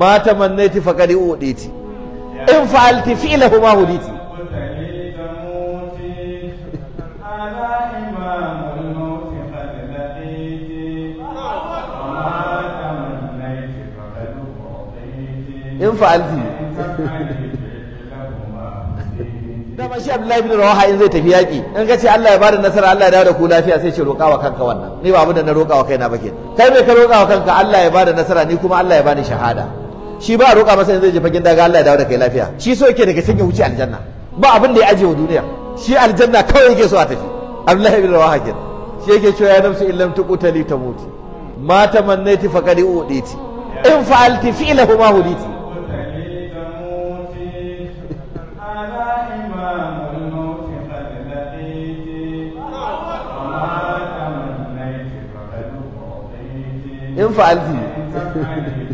ma tamannaiti faqad uditi in fa'alti fi'lahu ma huditi in da ma shi Abdullahi bin Rawaha in zai tafi yaƙi in ka ce Allah ya bada nasara Allah ya dawo da ku lafiya sai ce roƙa wa kanka wannan ni ba abin da na roƙa wa kaina ba ke kai me ka roƙa wa kanka Allah ya bada nasara ni kuma Allah ya bani shahada shi ba roƙa masa yanzu je fagen daga Allah ya dawo da kai lafiya shi so yake daga cikin wuce aljanna ba abin da ya aje wa duniya shi aljanna kawai yake so a tafi Abdullahi bin Rawaha ke shi yake cewa ya nafsu illam tuqtali tamut ma tamannaiti faqad uditi in fa'alti fi'lahu ma huditi in fa'alti